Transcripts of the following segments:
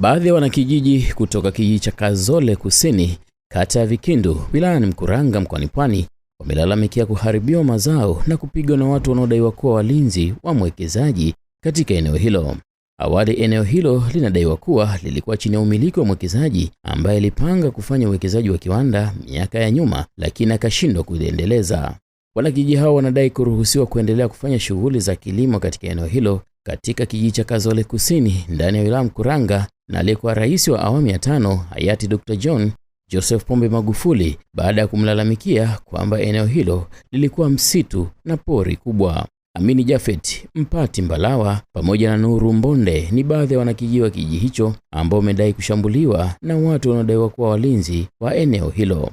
Baadhi ya wanakijiji kutoka kijiji cha Kazole Kusini, kata ya Vikindu, wilayani Mkuranga, mkoani Pwani, wamelalamikia kuharibiwa mazao na kupigwa na watu wanaodaiwa kuwa walinzi wa mwekezaji katika eneo hilo. Awali eneo hilo linadaiwa kuwa lilikuwa chini ya umiliki wa mwekezaji ambaye alipanga kufanya uwekezaji wa kiwanda miaka ya nyuma, lakini akashindwa kuliendeleza. Wanakijiji hao wanadai kuruhusiwa kuendelea kufanya shughuli za kilimo katika eneo hilo katika kijiji cha Kazole Kusini ndani ya wilaya Mkuranga na aliyekuwa rais wa awamu ya tano hayati Dr. John Joseph Pombe Magufuli baada ya kumlalamikia kwamba eneo hilo lilikuwa msitu na pori kubwa. Amini Jafet, Mpati Mbalawa pamoja na Nuru Mbonde ni baadhi ya wanakijiji wa kijiji hicho ambao wamedai kushambuliwa na watu wanaodaiwa kuwa walinzi wa eneo hilo.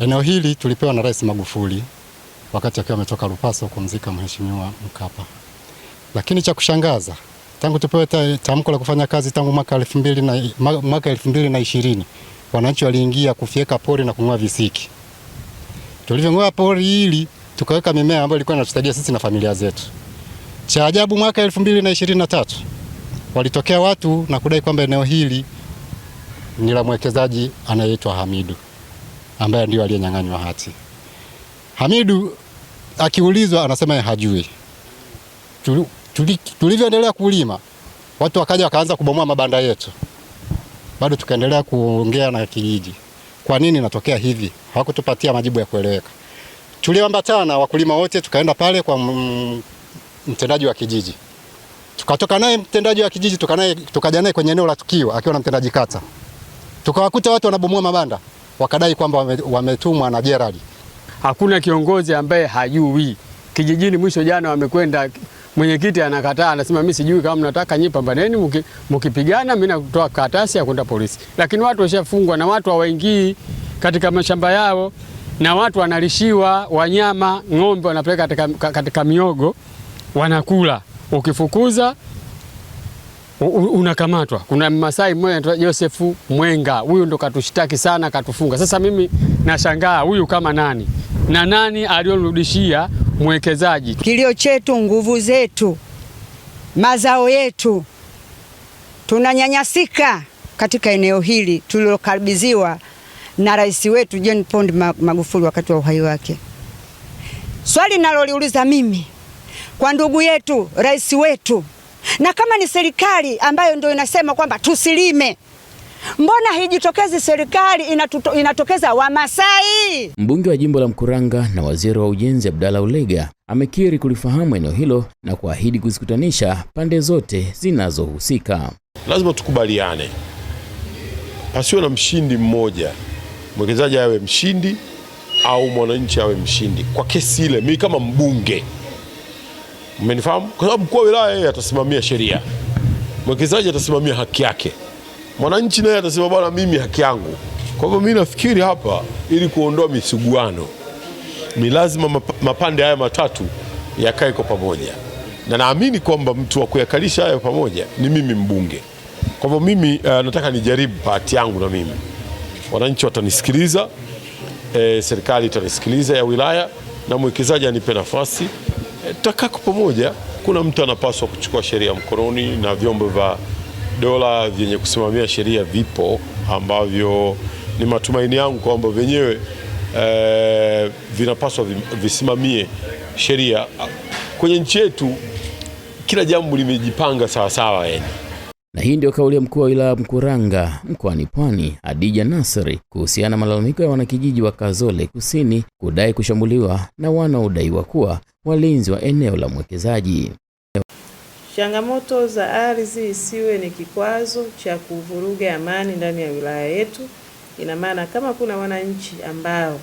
Eneo hili tulipewa na Rais Magufuli wakati akiwa ametoka Lupaso kumzika Mheshimiwa Mkapa, lakini cha kushangaza Tangu tupewe tamko la kufanya kazi tangu mwaka elfu mbili na, mwaka elfu mbili na ishirini wananchi waliingia kufyeka pori na kung'oa visiki. Tulivyong'oa pori hili tukaweka mimea ambayo ilikuwa inatusaidia sisi na familia zetu. Cha ajabu mwaka elfu mbili na ishirini na tatu walitokea watu na kudai kwamba eneo hili ni la mwekezaji anayeitwa Hamidu ambaye ndio aliyenyang'anywa hati. Hamidu akiulizwa anasema hajui tulivyoendelea kulima watu wakaja wakaanza kubomoa mabanda yetu, bado tukaendelea kuongea na kijiji, kwa nini natokea hivi? Hawakutupatia majibu ya kueleweka. Tuliambatana wakulima wote tukaenda pale kwa mtendaji wa kijiji, tukatoka naye mtendaji wa kijiji tukanaye, tukaja naye kwenye eneo la tukio akiwa na mtendaji kata, tukawakuta watu wanabomoa mabanda, wakadai kwamba wametumwa na Gerald. Hakuna kiongozi ambaye hajui kijijini. Mwisho jana wamekwenda mwenyekiti anakataa, anasema mimi sijui kama mnataka nyi pambaneni, mkipigana mimi natoa karatasi ya kwenda polisi. Lakini watu washafungwa na watu hawaingii katika mashamba yao, na watu wanalishiwa wanyama, ng'ombe wanapeleka katika, katika miogo wanakula, ukifukuza unakamatwa. Kuna Masai mmoja anaitwa Joseph Mwenga, huyu ndo katushtaki sana, katufunga. Sasa mimi nashangaa huyu kama nani na nani aliyorudishia mwekezaji. Kilio chetu, nguvu zetu, mazao yetu, tunanyanyasika katika eneo hili tulilokaribiziwa na rais wetu John Pombe Magufuli wakati wa uhai wake. Swali naloliuliza mimi kwa ndugu yetu rais wetu, na kama ni serikali ambayo ndio inasema kwamba tusilime Mbona hijitokezi serikali inatuto, inatokeza Wamasai? Mbunge wa jimbo la Mkuranga na waziri wa ujenzi Abdalla Ulega amekiri kulifahamu eneo hilo na kuahidi kuzikutanisha pande zote zinazohusika. Lazima tukubaliane, pasiwe na mshindi mmoja, mwekezaji awe mshindi au mwananchi awe mshindi kwa kesi ile. Mimi kama mbunge, mmenifahamu, kwa sababu mkuu wa wilaya yeye atasimamia sheria, mwekezaji atasimamia haki yake mwananchi naye atasema bwana, mimi haki yangu. Kwa hivyo mimi nafikiri hapa, ili kuondoa misuguano, ni lazima mapande haya matatu yakae kwa pamoja, na naamini kwamba mtu wa kuyakalisha haya pamoja ni mimi mbunge. Kwa hivyo mimi uh, nataka nijaribu pati yangu, na mimi wananchi watanisikiliza, e, serikali itanisikiliza ya wilaya, na mwekezaji anipe nafasi, eh, tutakaa e, kwa pamoja. Kuna mtu anapaswa kuchukua sheria mkononi na vyombo vya dola vyenye kusimamia sheria vipo ambavyo ni matumaini yangu kwamba vyenyewe e, vinapaswa visimamie sheria kwenye nchi yetu. Kila jambo limejipanga sawasawa yani. Na hii ndio kauli ya mkuu wa wilaya Mkuranga mkoani Pwani, Hadija Nasri, kuhusiana na malalamiko ya wanakijiji wa Kazole Kusini kudai kushambuliwa na wanaodaiwa kuwa walinzi wa eneo la mwekezaji. Changamoto za ardhi isiwe ni kikwazo cha kuvuruga amani ndani ya wilaya yetu. Ina maana kama kuna wananchi ambao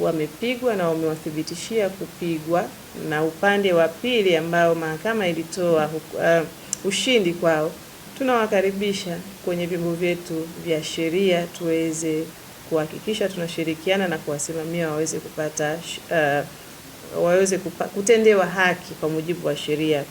wamepigwa na wamewathibitishia kupigwa na upande wa pili ambao mahakama ilitoa uh, ushindi kwao, tunawakaribisha kwenye vyombo vyetu vya sheria tuweze kuhakikisha tunashirikiana na kuwasimamia waweze kupata uh, waweze kupa, kutendewa haki kwa mujibu wa sheria.